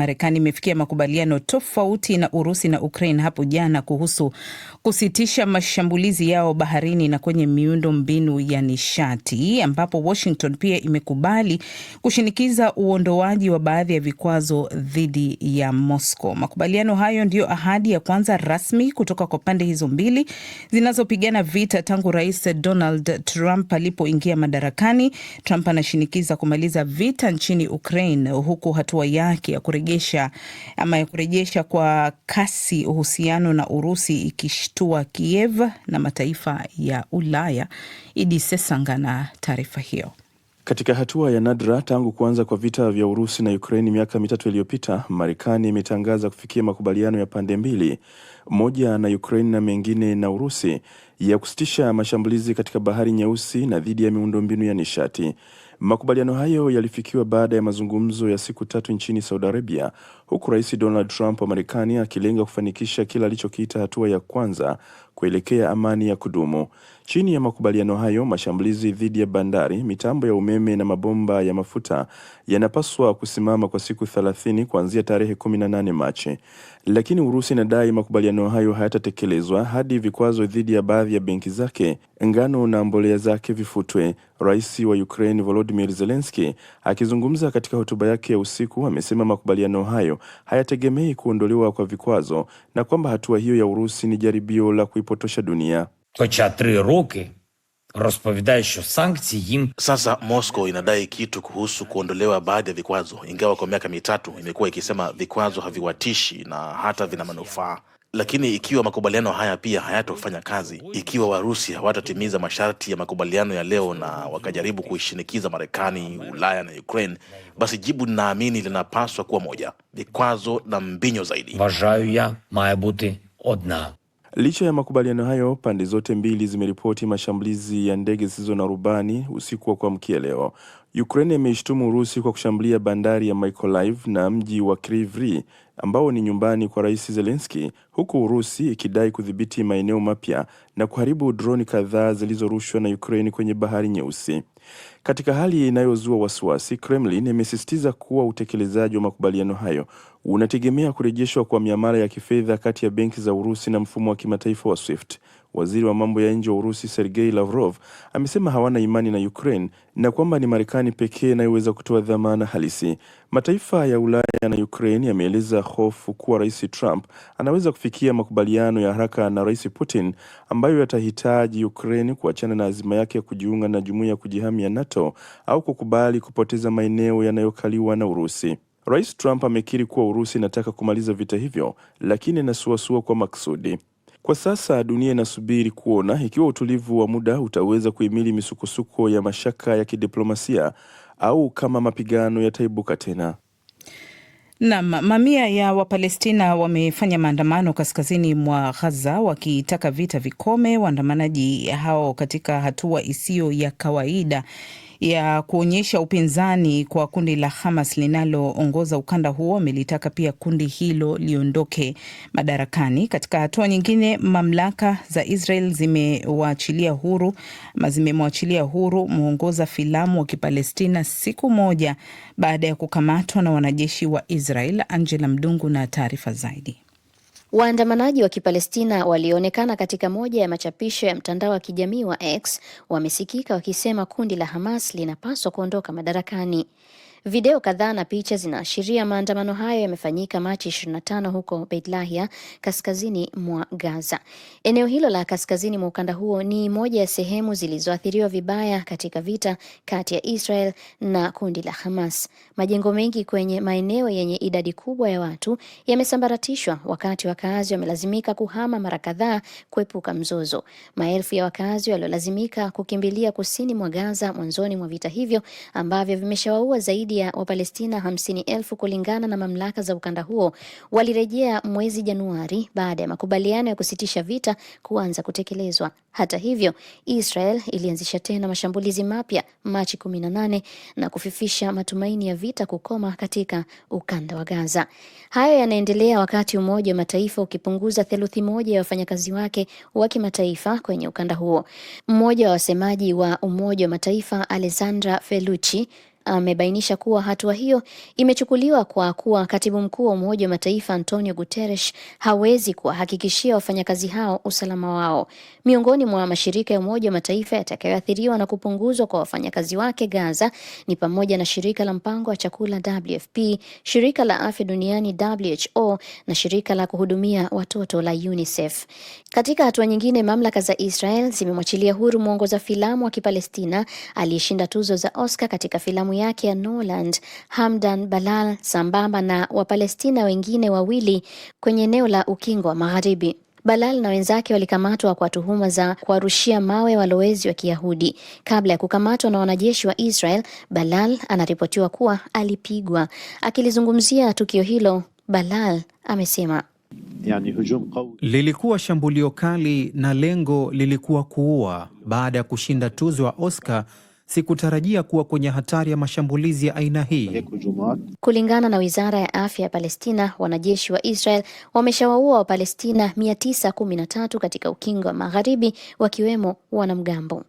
Marekani imefikia makubaliano tofauti na Urusi na Ukraine hapo jana kuhusu kusitisha mashambulizi yao baharini na kwenye miundo mbinu ya nishati, ambapo Washington pia imekubali kushinikiza uondoaji wa baadhi ya vikwazo dhidi ya Moscow. Makubaliano hayo ndiyo ahadi ya kwanza rasmi kutoka kwa pande hizo mbili zinazopigana vita tangu Rais Donald Trump alipoingia madarakani. Trump anashinikiza kumaliza vita nchini Ukraine huku hatua yake ya kurejea kuregesha ama ya kurejesha kwa kasi uhusiano na Urusi ikishtua Kiev na mataifa ya Ulaya. Idi Sesanga na taarifa hiyo. Katika hatua ya nadra tangu kuanza kwa vita vya Urusi na Ukraini miaka mitatu iliyopita, Marekani imetangaza kufikia makubaliano ya pande mbili, moja na Ukraini na mengine na Urusi, ya kusitisha mashambulizi katika Bahari Nyeusi na dhidi ya miundombinu ya nishati. Makubaliano hayo yalifikiwa baada ya mazungumzo ya siku tatu nchini Saudi Arabia, huku Rais Donald Trump wa Marekani akilenga kufanikisha kile alichokiita hatua ya kwanza kuelekea amani ya kudumu. Chini ya makubaliano hayo, mashambulizi dhidi ya bandari, mitambo ya umeme na mabomba ya mafuta yanapaswa kusimama kwa siku 30 kuanzia tarehe 18 Machi. Lakini Urusi inadai makubaliano hayo hayatatekelezwa hadi vikwazo dhidi ya baadhi ya benki zake, ngano na mbolea zake vifutwe. Rais wa Ukraine Volodymyr Zelensky akizungumza katika hotuba yake ya usiku amesema makubaliano hayo hayategemei kuondolewa kwa vikwazo na kwamba hatua hiyo ya Urusi ni jaribio la kuipo kuipotosha dunia. Kocha tri роки розповідає, що санкції Sasa Moscow inadai kitu kuhusu kuondolewa baadhi ya vikwazo, ingawa kwa miaka mitatu imekuwa ikisema vikwazo haviwatishi na hata vina manufaa. Lakini ikiwa makubaliano haya pia hayatofanya kazi, ikiwa Warusi hawatatimiza masharti ya makubaliano ya leo na wakajaribu kuishinikiza Marekani, Ulaya na Ukraine, basi jibu linaamini linapaswa kuwa moja: vikwazo na mbinyo zaidi. вважаю я, має бути Licha ya makubaliano hayo, pande zote mbili zimeripoti mashambulizi ya ndege zisizo na rubani usiku wa kuamkia leo. Ukraine imeishtumu Urusi kwa kushambulia bandari ya Mykolaiv na mji wa Kryvyi ambao ni nyumbani kwa Rais Zelensky, huku Urusi ikidai kudhibiti maeneo mapya na kuharibu droni kadhaa zilizorushwa na Ukraine kwenye Bahari Nyeusi. Katika hali inayozua wasiwasi, Kremlin imesisitiza kuwa utekelezaji wa makubaliano hayo unategemea kurejeshwa kwa miamala ya kifedha kati ya benki za Urusi na mfumo wa kimataifa wa SWIFT Waziri wa mambo ya nje wa Urusi Sergei Lavrov amesema hawana imani na Ukraine na kwamba ni Marekani pekee inayoweza kutoa dhamana halisi. Mataifa ya Ulaya na Ukraine yameeleza hofu kuwa Rais Trump anaweza kufikia makubaliano ya haraka na Rais Putin ambayo yatahitaji Ukraine kuachana na azima yake ya kujiunga na jumuiya ya kujihami ya NATO au kukubali kupoteza maeneo yanayokaliwa na Urusi. Rais Trump amekiri kuwa Urusi inataka kumaliza vita hivyo, lakini inasuasua kwa maksudi. Kwa sasa dunia inasubiri kuona ikiwa utulivu wa muda utaweza kuhimili misukosuko ya mashaka ya kidiplomasia au kama mapigano yataibuka tena. Naam, mamia ya Wapalestina wamefanya maandamano kaskazini mwa Gaza wakitaka vita vikome, waandamanaji hao katika hatua isiyo ya kawaida ya kuonyesha upinzani kwa kundi la Hamas linaloongoza ukanda huo amelitaka pia kundi hilo liondoke madarakani. Katika hatua nyingine, mamlaka za Israel zimewaachilia huru zimemwachilia huru mwongoza filamu wa Kipalestina siku moja baada ya kukamatwa na wanajeshi wa Israel. Angela Mdungu na taarifa zaidi. Waandamanaji wa Kipalestina walioonekana katika moja ya machapisho ya mtandao wa kijamii wa X wamesikika wakisema kundi la Hamas linapaswa kuondoka madarakani. Video kadhaa na picha zinaashiria maandamano hayo yamefanyika Machi 25 huko Beit-Lahia, kaskazini mwa Gaza. Eneo hilo la kaskazini mwa ukanda huo ni moja ya sehemu zilizoathiriwa vibaya katika vita kati ya Israel na kundi la Hamas. Majengo mengi kwenye maeneo yenye idadi kubwa ya watu yamesambaratishwa, wakati wakaazi wamelazimika kuhama mara kadhaa kuepuka mzozo. Maelfu ya wakaazi waliolazimika kukimbilia kusini mwa Gaza mwanzoni mwa vita hivyo ambavyo vimeshawaua zaidi zaidi ya Wapalestina hamsini elfu kulingana na mamlaka za ukanda huo walirejea mwezi Januari baada ya makubaliano ya kusitisha vita kuanza kutekelezwa. Hata hivyo, Israel ilianzisha tena mashambulizi mapya Machi 18 na kufifisha matumaini ya vita kukoma katika ukanda wa Gaza. Hayo yanaendelea wakati Umoja wa Mataifa ukipunguza theluthi moja ya wafanyakazi wake wa kimataifa kwenye ukanda huo. Mmoja wa wasemaji wa Umoja wa Mataifa Alessandra Felucci amebainisha kuwa hatua hiyo imechukuliwa kwa kuwa katibu mkuu wa Umoja wa Mataifa Antonio Guterres hawezi kuwahakikishia wafanyakazi hao usalama wao. Miongoni mwa mashirika ya Umoja wa Mataifa yatakayoathiriwa na kupunguzwa kwa wafanyakazi wake Gaza ni pamoja na shirika la mpango wa chakula WFP, shirika la afya duniani WHO na shirika la kuhudumia watoto la UNICEF. Katika hatua nyingine, mamlaka za Israel zimemwachilia huru mwongoza filamu wa Kipalestina aliyeshinda tuzo za Oscar katika filamu yake ya Norland Hamdan Balal sambamba na Wapalestina wengine wawili kwenye eneo la Ukingo wa Magharibi. Balal na wenzake walikamatwa kwa tuhuma za kuwarushia mawe walowezi wa Kiyahudi. Kabla ya kukamatwa na wanajeshi wa Israel, Balal anaripotiwa kuwa alipigwa. Akilizungumzia tukio hilo, Balal amesema Yani, lilikuwa shambulio kali na lengo lilikuwa kuua. Baada ya kushinda tuzo ya Oscar sikutarajia kuwa kwenye hatari ya mashambulizi ya aina hii. Kulingana na wizara ya afya ya Palestina, wanajeshi wa Israel wameshawaua Wapalestina 913 katika ukingo wa magharibi, wakiwemo wanamgambo.